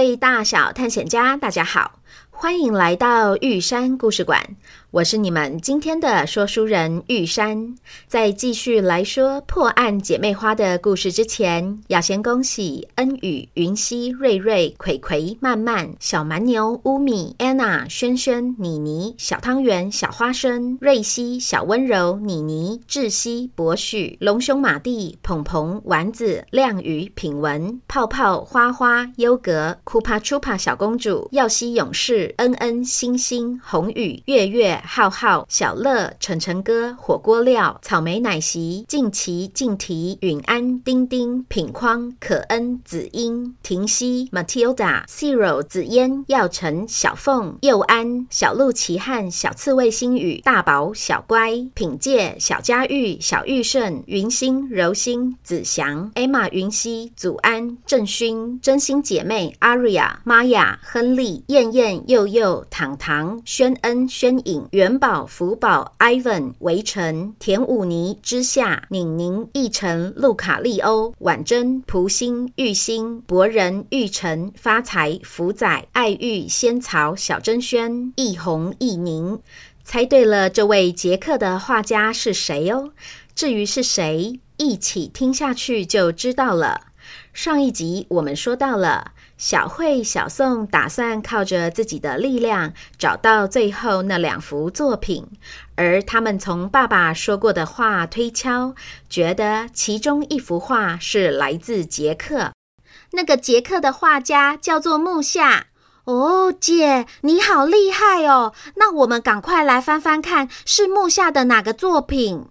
各位大小探險家，大家好，歡迎來到玉山故事館。我是你們今天的說書人玉山，在繼續來說破案姐妹花的故事之前，要先恭喜恩宇、雲溪、瑞瑞、葵葵、曼曼、小蠻牛、烏米、安娜、軒軒、妮妮、小湯圓、小花生、瑞西、小溫柔、妮妮、智西、博序、龍兄馬蒂、鵬鵬、丸子、亮宇、品文、泡泡、花花、優格、庫帕丘帕、帕、帕小公主、耀西勇士、恩恩、星星、紅雨、月月。浩浩、小樂、晨晨哥、火鍋料、草莓奶昔、靜琪、靜提、允安、丁丁、品框、可恩、子英、廷熙、Matilda、Zero、紫煙、耀晨、小鳳、佑安、小鹿奇漢、小刺蝟、星宇、大寶、小乖、品介、小佳玉、小玉勝、雲心、柔心、子祥、Emma、雲熙、祖安、鄭勳、真心姐妹、Aria、瑪雅、亨利、燕燕、佑佑、糖糖、軒恩、軒穎。元寶、福寶、Ivan、圍城、田武、尼之下，寧寧、一晨、路卡利歐、婉珍、蒲星、玉星、博仁、玉晨、發財、福仔、愛玉、仙草、小珍軒、一紅、一寧，猜對了，這位捷克的畫家是誰哦？至於是誰，一起聽下去就知道了。上一集我們說到了。小慧、小宋打算靠着自己的力量找到最後那兩幅作品，而他們從爸爸說過的話推敲，覺得其中一幅畫是來自捷克。那個捷克的畫家叫做木下。哦，姐，你好厲害哦！那我們趕快來翻翻看，是木下的哪個作品？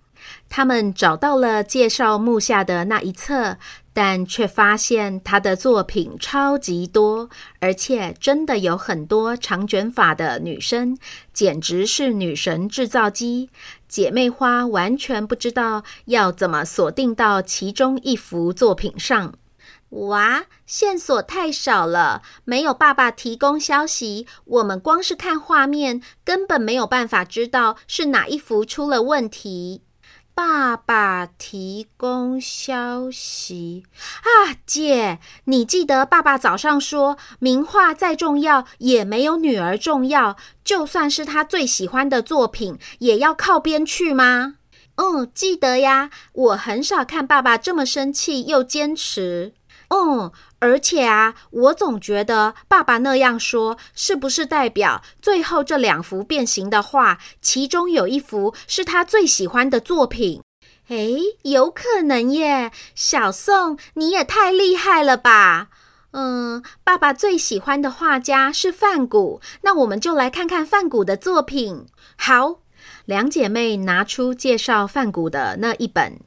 他們找到了介紹木下的那一冊，但卻發現他的作品超級多，而且真的有很多長卷髮的女生，簡直是女神制造機。姐妹花完全不知道要怎麼鎖定到其中一幅作品上。哇，線索太少了，沒有爸爸提供消息，我們光是看畫面根本沒有辦法知道是哪一幅出了問題。爸爸提供消息啊，姐，你記得爸爸早上說名畫再重要也沒有女兒重要，就算是他最喜歡的作品，也要靠邊去嗎？嗯，記得呀，我很少看爸爸這麼生氣又堅持。嗯，而且啊，我總覺得爸爸那樣說，是不是代表最後這兩幅變形的畫，其中有一幅是他最喜歡的作品？誒，有可能耶！小宋，你也太厲害了吧？嗯，爸爸最喜歡的畫家是梵谷，那我們就來看看梵谷的作品。好，兩姐妹拿出介紹梵谷的那一本。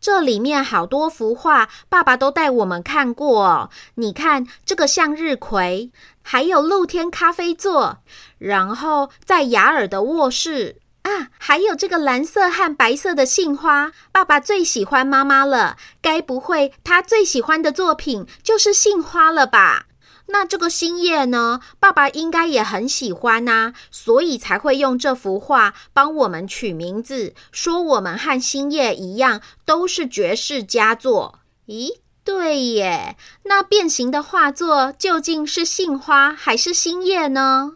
這裡面好多幅畫，爸爸都帶我們看過哦。你看這個向日葵，還有露天咖啡座，然後在雅爾的臥室啊，還有這個藍色和白色的杏花。爸爸最喜歡媽媽了，該不會他最喜歡的作品就是杏花了吧？那這個星夜呢？爸爸應該也很喜歡吶、啊，所以才會用這幅畫幫我們取名字，說我們和星夜一樣都是絕世佳作。咦，對耶！那變形的畫作究竟是杏花還是星夜呢？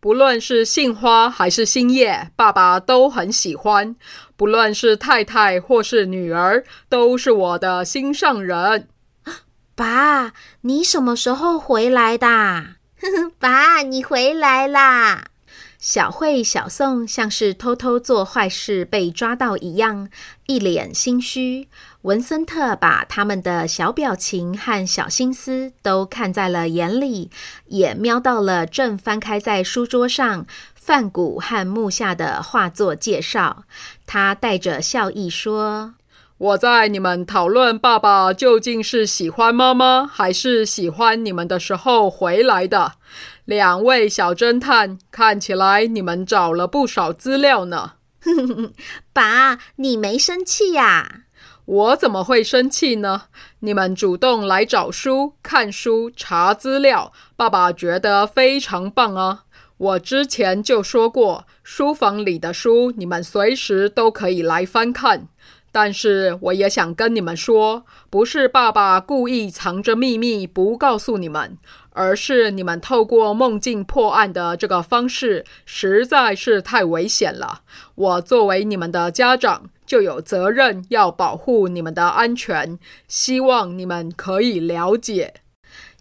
不論是杏花還是星夜，爸爸都很喜歡。不論是太太或是女兒，都是我的心上人。爸，你什麼時候回來的？哼哼，爸，你回來啦！小慧、小宋像是偷偷做壞事被抓到一樣，一臉心虛。文森特把他們的小表情和小心思都看在了眼裡，也瞄到了正翻開在書桌上梵谷和木下的畫作介紹。他帶着笑意說。我在你們討論爸爸究竟是喜歡媽媽還是喜歡你們的時候回來的。兩位小偵探，看起來你們找了不少資料呢。哼哼哼，爸，你沒生氣呀？我怎麼會生氣呢？你們主動來找書、看書、查資料，爸爸覺得非常棒啊！我之前就說過，書房裡的書你們隨時都可以來翻看。但是，我也想跟你們說，不是爸爸故意藏着秘密不告訴你們，而是你們透過夢境破案的這個方式實在是太危險了。我作為你們的家長，就有責任要保護你們的安全。希望你們可以了解。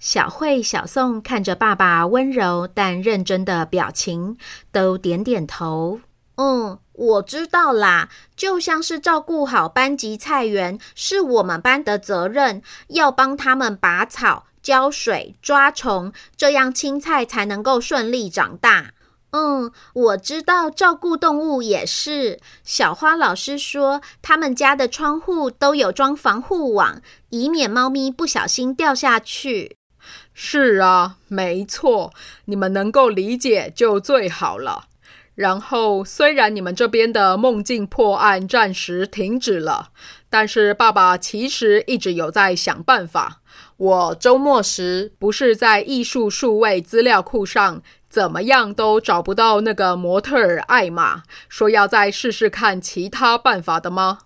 小慧、小宋看着爸爸溫柔但認真的表情，都點點頭。嗯，我知道啦。就像是照顧好班級菜園，是我們班的責任，要幫他們拔草、澆水、抓蟲，這樣青菜才能夠順利長大。嗯，我知道照顧動物也是。小花老師說，他們家的窗戶都有裝防護網，以免貓咪不小心掉下去。是啊，沒錯。你們能夠理解就最好了。然後，雖然你們這邊的夢境破案暫時停止了，但是爸爸其實一直有在想辦法。我周末時不是在藝術數位資料庫上怎麼樣都找不到那個模特兒艾瑪，說要再試試看其他辦法的嗎？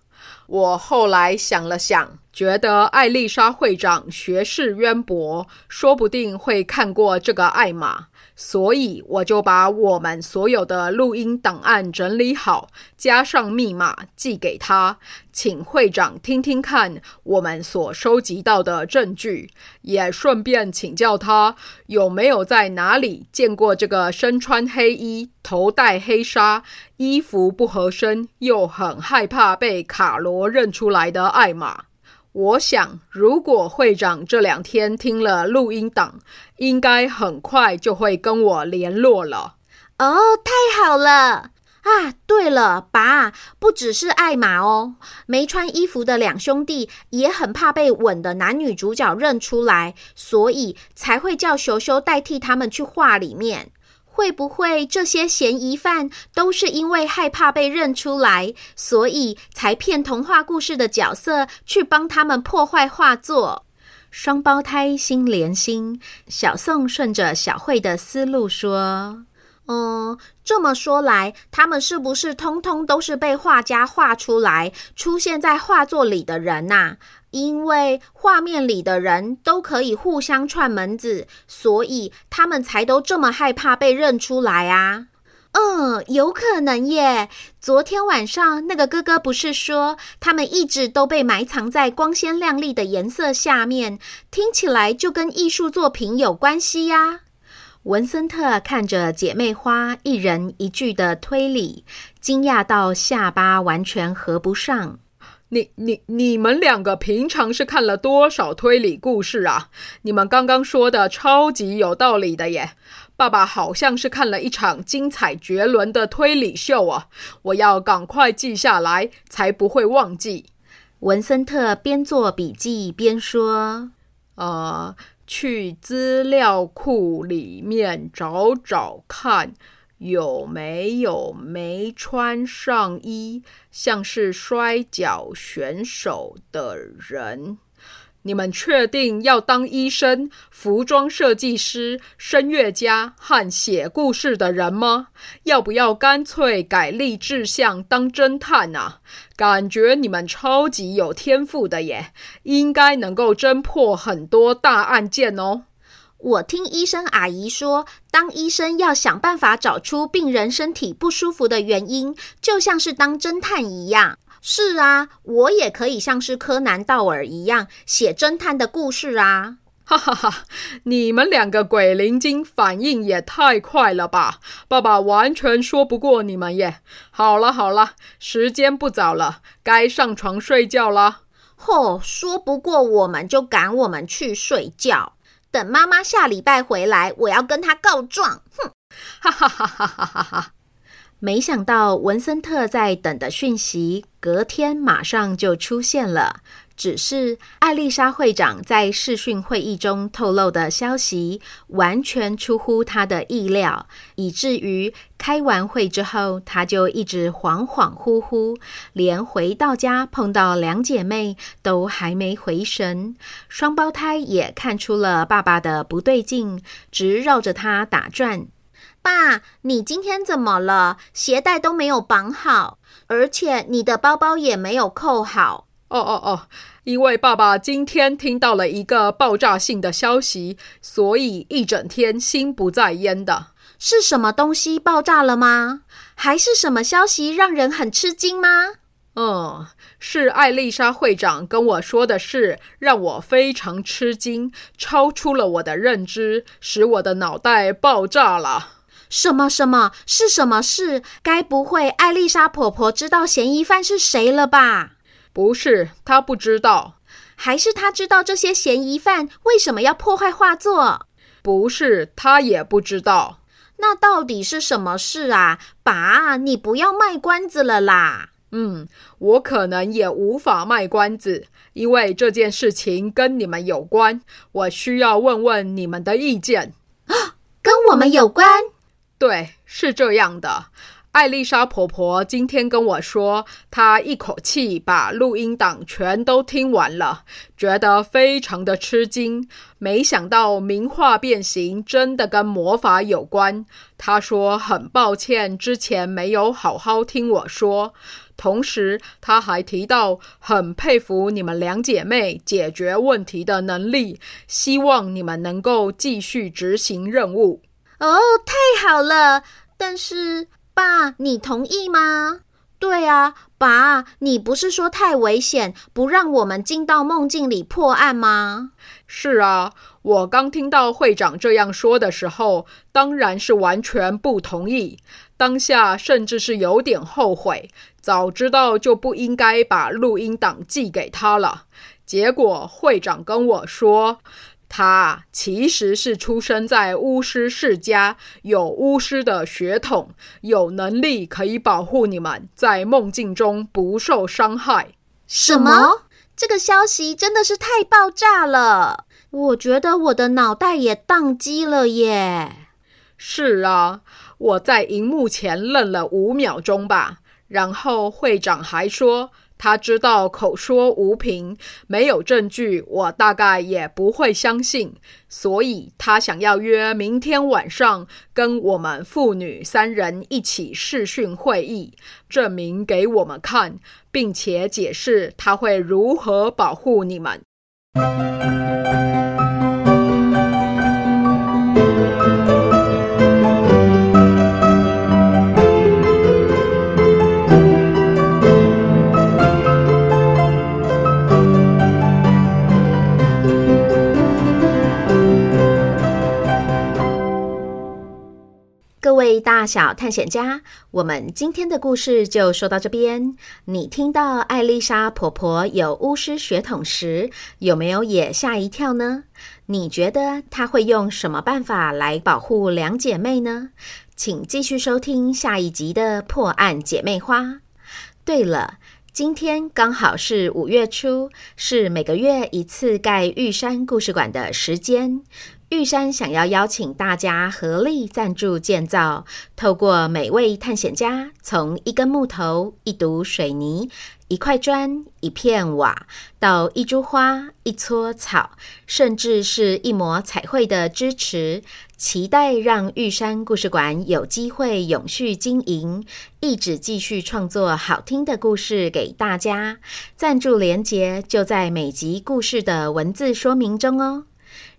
我後來想了想，覺得艾莉莎會長學識淵博，說不定會看過這個艾瑪。所以我就把我們所有的錄音檔案整理好，加上密碼寄給他，請會長聽聽看我們所收集到的證據，也順便請教他有沒有在哪裡見過這個身穿黑衣、頭戴黑紗、衣服不合身又很害怕被卡羅認出來的艾瑪。我想，如果會長這兩天聽了錄音檔，應該很快就會跟我聯絡了。哦，太好了啊！對了，爸，不只是艾瑪哦，沒穿衣服的兩兄弟也很怕被吻的男女主角認出來，所以才會叫修修代替他們去畫裡面。會不會這些嫌疑犯都是因為害怕被認出來，所以才騙童話故事的角色去幫他們破壞畫作？雙胞胎心連心，小宋順着小慧的思路說：“嗯，這麼說來，他們是不是通通都是被畫家畫出來，出現在畫作裡的人吶？”因為畫面裡的人都可以互相串門子，所以他們才都這麼害怕被認出來啊！嗯，有可能耶。昨天晚上那個哥哥不是說，他們一直都被埋藏在光鮮亮麗的顏色下面，聽起來就跟藝術作品有關係呀。文森特看着姐妹花一人一句的推理，驚訝到下巴完全合不上。你你你們兩個平常是看了多少推理故事啊？你們剛剛說的超級有道理的耶！爸爸好像是看了一場精彩絕倫的推理秀啊！我要趕快記下來，才不會忘記。文森特邊做筆記邊說：“啊、呃，去資料庫裡面找找看。”有沒有沒穿上衣，像是摔跤選手的人？你們確定要當醫生、服裝設計師、聲樂家和寫故事的人嗎？要不要乾脆改立志向當偵探啊？感覺你們超級有天賦的耶，應該能夠偵破很多大案件哦。我聽醫生阿姨說，當醫生要想辦法找出病人身體不舒服的原因，就像是當偵探一樣。是啊，我也可以像是柯南道爾一樣寫偵探的故事啊！哈哈哈哈！你們兩個鬼靈精，反應也太快了吧！爸爸完全說不過你們耶。好了好了，時間不早了，該上床睡覺了。吼、哦，說不過我們就趕我們去睡覺。等媽媽下禮拜回來，我要跟她告狀。哼，哈哈哈哈哈哈哈！沒想到文森特在等的訊息，隔天馬上就出現了。只是艾麗莎會長在視訊會議中透露的消息，完全出乎她的意料，以至於開完會之後，她就一直恍恍惚惚，連回到家碰到兩姐妹都還沒回神。雙胞胎也看出了爸爸的不對勁，直繞着他打轉：“爸，你今天怎麼了？鞋帶都沒有綁好，而且你的包包也沒有扣好。”哦哦哦！因為爸爸今天聽到了一個爆炸性的消息，所以一整天心不在焉的。是什麼東西爆炸了嗎？還是什麼消息讓人很吃驚嗎？哦、嗯，是艾莉莎會長跟我說的事，讓我非常吃驚，超出了我的認知，使我的腦袋爆炸了。什麼什麼？是什麼事？該不會艾莉莎婆婆知道嫌疑犯是誰了吧？不是，他不知道。還是他知道這些嫌疑犯為什麼要破壞畫作？不是，他也不知道。那到底是什麼事啊？爸，你不要賣關子了啦。嗯，我可能也無法賣關子，因為這件事情跟你們有關，我需要問問你們的意見啊，跟我們有關？對，是這樣的。艾莉莎婆婆今天跟我說，她一口氣把錄音檔全都聽完了，覺得非常的吃驚。沒想到名畫變形真的跟魔法有關。她說很抱歉之前沒有好好聽我說，同時她還提到很佩服你們兩姐妹解決問題的能力，希望你們能夠繼續執行任務。哦，太好了！但是。爸，你同意嗎？對啊，爸，你不是說太危險，不讓我們進到夢境裡破案嗎？是啊，我剛聽到會長這樣說的時候，當然是完全不同意。當下甚至是有點後悔，早知道就不應該把錄音檔寄給他了。結果會長跟我說。他其實是出生在巫師世家，有巫師的血統，有能力可以保護你們在夢境中不受傷害。什麼？這個消息真的是太爆炸了！我覺得我的腦袋也當機了耶。是啊，我在熒幕前愣了五秒鐘吧。然後會長還說。他知道口說無憑，沒有證據，我大概也不會相信。所以他想要約明天晚上跟我們父女三人一起視訊會議，證明給我們看，並且解釋他會如何保護你們。大小探險家，我們今天的故事就說到這邊。你聽到艾麗莎婆婆有巫師血統時，有沒有也嚇一跳呢？你覺得她會用什麼辦法來保護兩姐妹呢？請繼續收聽下一集的《破案姐妹花》。對了，今天剛好是五月初，是每個月一次蓋玉山故事館的時間。玉山想要邀請大家合力贊助建造，透過每位探險家從一根木頭、一堵水泥、一塊磚、一片瓦，到一株花、一撮草，甚至是一抹彩繪的支持，期待讓玉山故事館有機會永續經營，一直繼續創作好聽的故事給大家。贊助鏈接就在每集故事的文字說明中哦。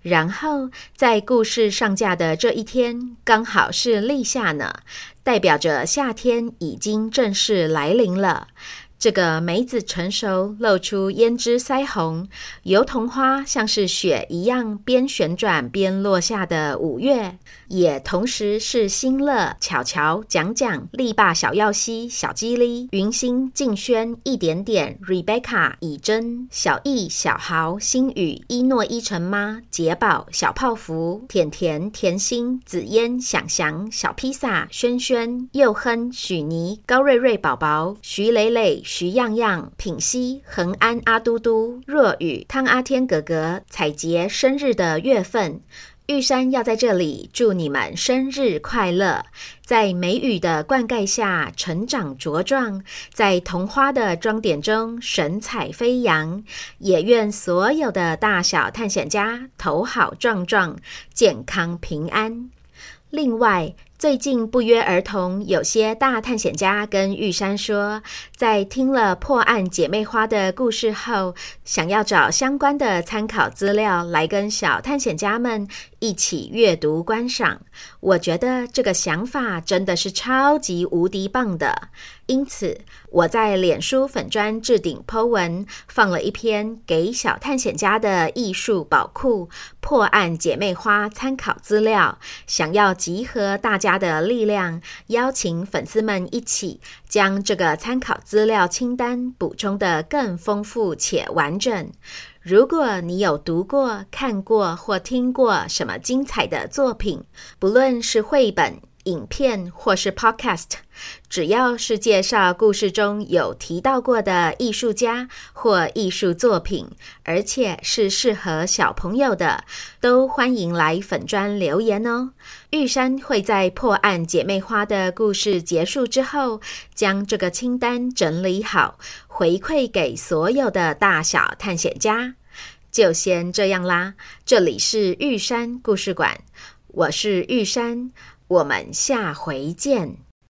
然後，在故事上架的這一天，剛好是立夏呢，代表着夏天已經正式來臨了。這個梅子成熟，露出胭脂腮紅；油桐花像是雪一樣，邊旋轉邊落下的五月，也同時是新樂、巧巧講講、力霸、小耀西、小雞哩、雲心、靜軒、一點點、Rebecca、以真、小易、小豪、星雨、一諾、一晨媽、杰寶、小泡芙、甜甜、甜心、紫嫣、想翔、小披薩、軒軒、又亨、許妮、高瑞瑞寶寶、徐蕾蕾、徐漾漾、品溪、恆安、阿嘟嘟、若雨、湯阿天格格、采潔生日的月份，玉山要在這裡祝你們生日快樂！在梅雨的灌溉下成長茁壯，在桐花的裝點中神采飛揚。也願所有的大小探險家頭好壯壯，健康平安。另外。最近不約而同，有些大探險家跟玉山說，在聽了《破案姐妹花》的故事後，想要找相關的參考資料來跟小探險家們。一起閱讀觀賞，我覺得這個想法真的是超級無敵棒的。因此，我在臉書粉專置頂 PO 文放了一篇給小探險家的藝術寶庫破案姐妹花參考資料，想要集合大家的力量，邀請粉絲們一起將這個參考資料清單補充得更豐富且完整。如果你有讀過、看過或聽過什麼精彩的作品，不論是繪本，影片或是 podcast，只要是介紹故事中有提到過的藝術家或藝術作品，而且是適合小朋友的，都歡迎來粉專留言哦。玉山會在破案姐妹花的故事結束之後，將這個清單整理好，回饋給所有的大小探險家。就先這樣啦，這裡是玉山故事館，我是玉山。我們下回見。